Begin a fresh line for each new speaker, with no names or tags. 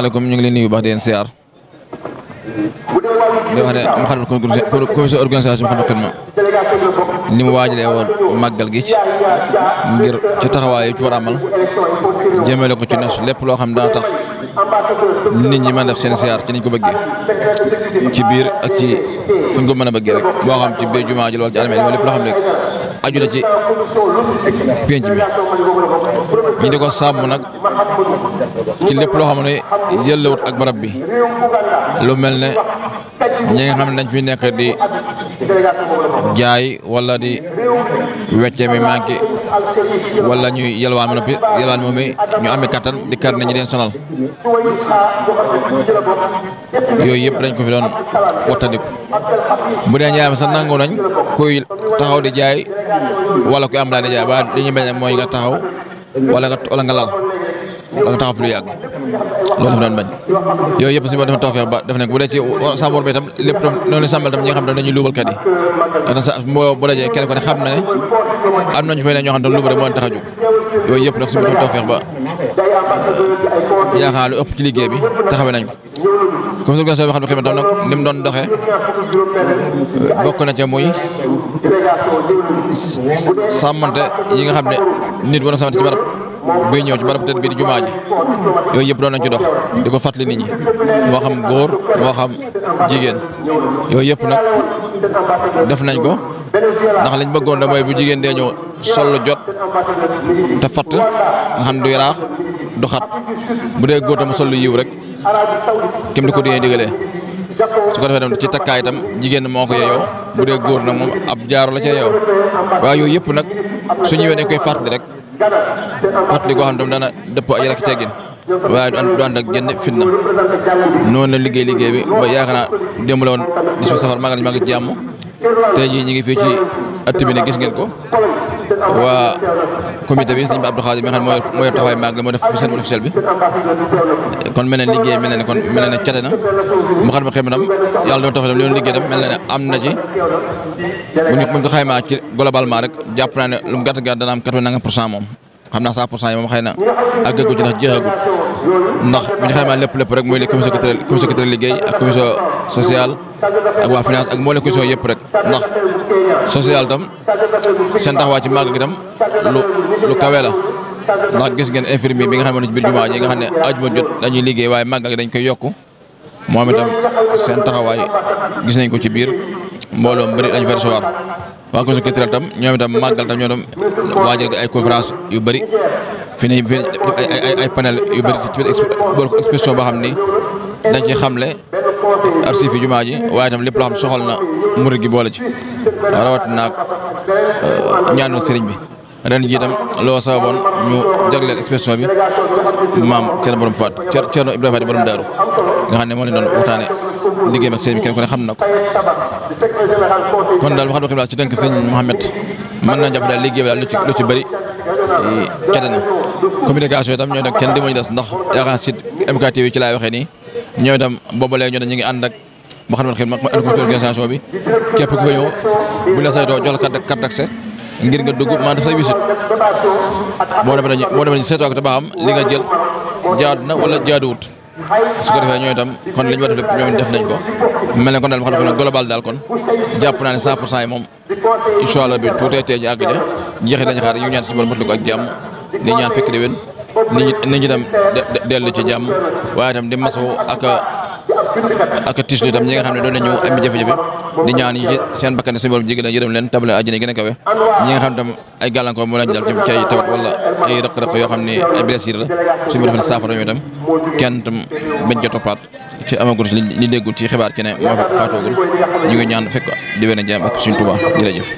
maaleykum ñu ngi leen nuyu baax di leen siyaar di wax ne mu xam commission organisation ni mu waajalee woon màggal gi ci ngir ci taxawaay yi ci war a amal jëmale ko ci nas lépp loo xam daa tax nit ñi mën def seen siyaar ci niñ ko bëggee ci biir ak ci fuñ ko mën a bëggee rek boo xam ci biir jumaa ji lool ci armée yi lépp loo xam ne aju na ci penc bi ñu di ko sàmm nag ci lépp loo xam ne yëllawut ak barab bi lu mel ne ñi nga xam ne fi nekk di jaay wala di wecce mi manqué wala ñuy yalwaan ma noppi yalwaan moom mi ñu amee kattan di kar nit ñi sonal yooyu yëpp dañ ko fi doon wattandiku bu dee njaay ma sax nangu nañ kuy taxaw di jaay walla kuy am laa di jaay ba dañuy bañ mooy nga taxaw wala nga wala nga danga taxaw fi lu yàgg loolu dafa doon bañ yooyu yëpp suñu borom dafa ba def nekk bu dee ci sàmmoor bi xam ne dañuy luubalkat yi ndax mbooloo bu dajee kenn ko ne xam na am nañu fay ne ñoo xam ne luubal rek yëpp nag suñu borom dafa tawfeex ba yaakaar lu ëpp ci liggéey bi taxawee nañ ko comme suñu gëstoo na tam nag doon doxee bokk na ca muy sàmmante yi nga xam ne nit war na sàmmante ci barab buy ñëw ci barab tëdd bi di jumaa ji yooyu yëpp doon nañ ci dox di ko fàttali ni ñi moo xam góor moo xam jigéen yooyu yëpp nag def nañ ko ndax lañ bëggoon da mooy bu jigéen dee ñëw sol jot te fatt nga xam du yaraax du xat bu dee góor tam sol yiw rek kem di ko dee digalee su ko defee tam ci takkaay itam jigéen moo ko yeyoo bu dee góor nag moom ab jaaro la ca yeyoo waaye yooyu yëpp nag su ñëwee dañ koy fàttali rek fàttali goo xam ne dana dëppoo a yar ak teggin waaye du ànd du fitna noonu liggéey liggéey bi ba yaakaar naa démb di su safar maa ngi maa ngi jàmm te jii ñu ngi fii ci att bi ne gis ngeen ko waa comité bi sëñ bi Abdou Khadir mi nga xam ne moo yor taxawaay maag la moo bi kon mel na liggéey mel na ne kon mel na ne cate na mu xam ne xëy na yàlla doon taxaw loolu liggéey tam mel na ne am na ci bu ñu ko xaymaa ci globalement rek jàpp naa ne lu mu gàtt gàtt dana am quatre pour cent moom xam naa 100 pour cent yi moom xëy na àggagu ci ndax jeexagu ndax bu ñu maa lépp lépp rek mooy les commission commission secrétaire liggéey ak commission sociale ak waa finance ak mboolem commission yëpp rek ndax sociale tam seen taxawaay ci màgg gi tam lu lu la ndax gis ngeen infirmier bi nga xam ne ci biir jumaa xam ne ajuma jot dañuy liggéey waaye màgg gi dañ koy yokk moom itam seen taxawaay gis nañ ko ci biir mbooloo mbëri dañ fa recevoir waa commission culturelle tam ñoom itam màggal tam ñoo tam waajal ay conférence yu bëri fi ne fi ay ay yu bëri bool ko exposition boo xam ni dañ ci xam le yi jumaa ji waaye tam lépp loo xam soxal na murid gi boole ci rawat naag euh, ñaanul sëriñ bi ren jii itam loo sababoon ñu jagleel exposition bi maam Thierno borom Faat Thierno Ibrahima Faat borom Daaru nga xam ne moo leen doon waxtaane liggéeyam ak sëriñ bi kenn ku xam na ko kon daal wax dëgg xibaar ci tënk sëñ Mouhamed mën naa jàpp daal liggéey bi daal lu ci lu ci bëri cate eh, na communication itam ñoo itam kenn di mañu des ndax yaakaar site MK TV ci laay waxee nii ñoo itam boobu léegi ñoo ñu ngi ànd ak mu xam ne xel ma bi képp ku fa ñëw bu la saytoo jox ngir nga dugg maanaam def say visite boo demee dañu boo demee dañu seetoo ak te ba xam li nga jël jaadu na wala jaaduwut su ko defee ñooy itam kon li ñu war a def ñoom def nañ ko mel ne kon daal ma xam ne global daal kon jàpp naa ne 100 pour cent yi moom incha allah bi tuutee tee ñu àgg ja jeexit lañu xaar yu ñaan si borom mottali ko ak jàmm di ñaan fekk déwén nit ñi nit ñi dellu ci jàmm waaye itam di masoo ak. ak tiis lu itam ñi a xam ne doon nañu am jafe-jafe di ñaan seen bakkan suñu borom jéggal yërëm leen tabale àjjana gën a kawe ñi nga xam ne tam ay gàllankoor moo leen dal ci ay tawat wala ay rëq-rëq yoo xam ne ay blessure la suñu borom defal saafara kenn tam bañ ca toppaat ci amagul li déggul ci xibaar ci ne moo faatoogul ñu ngi ñaan fekk di wér a jaam ak suñu Tuubaa jërëjëf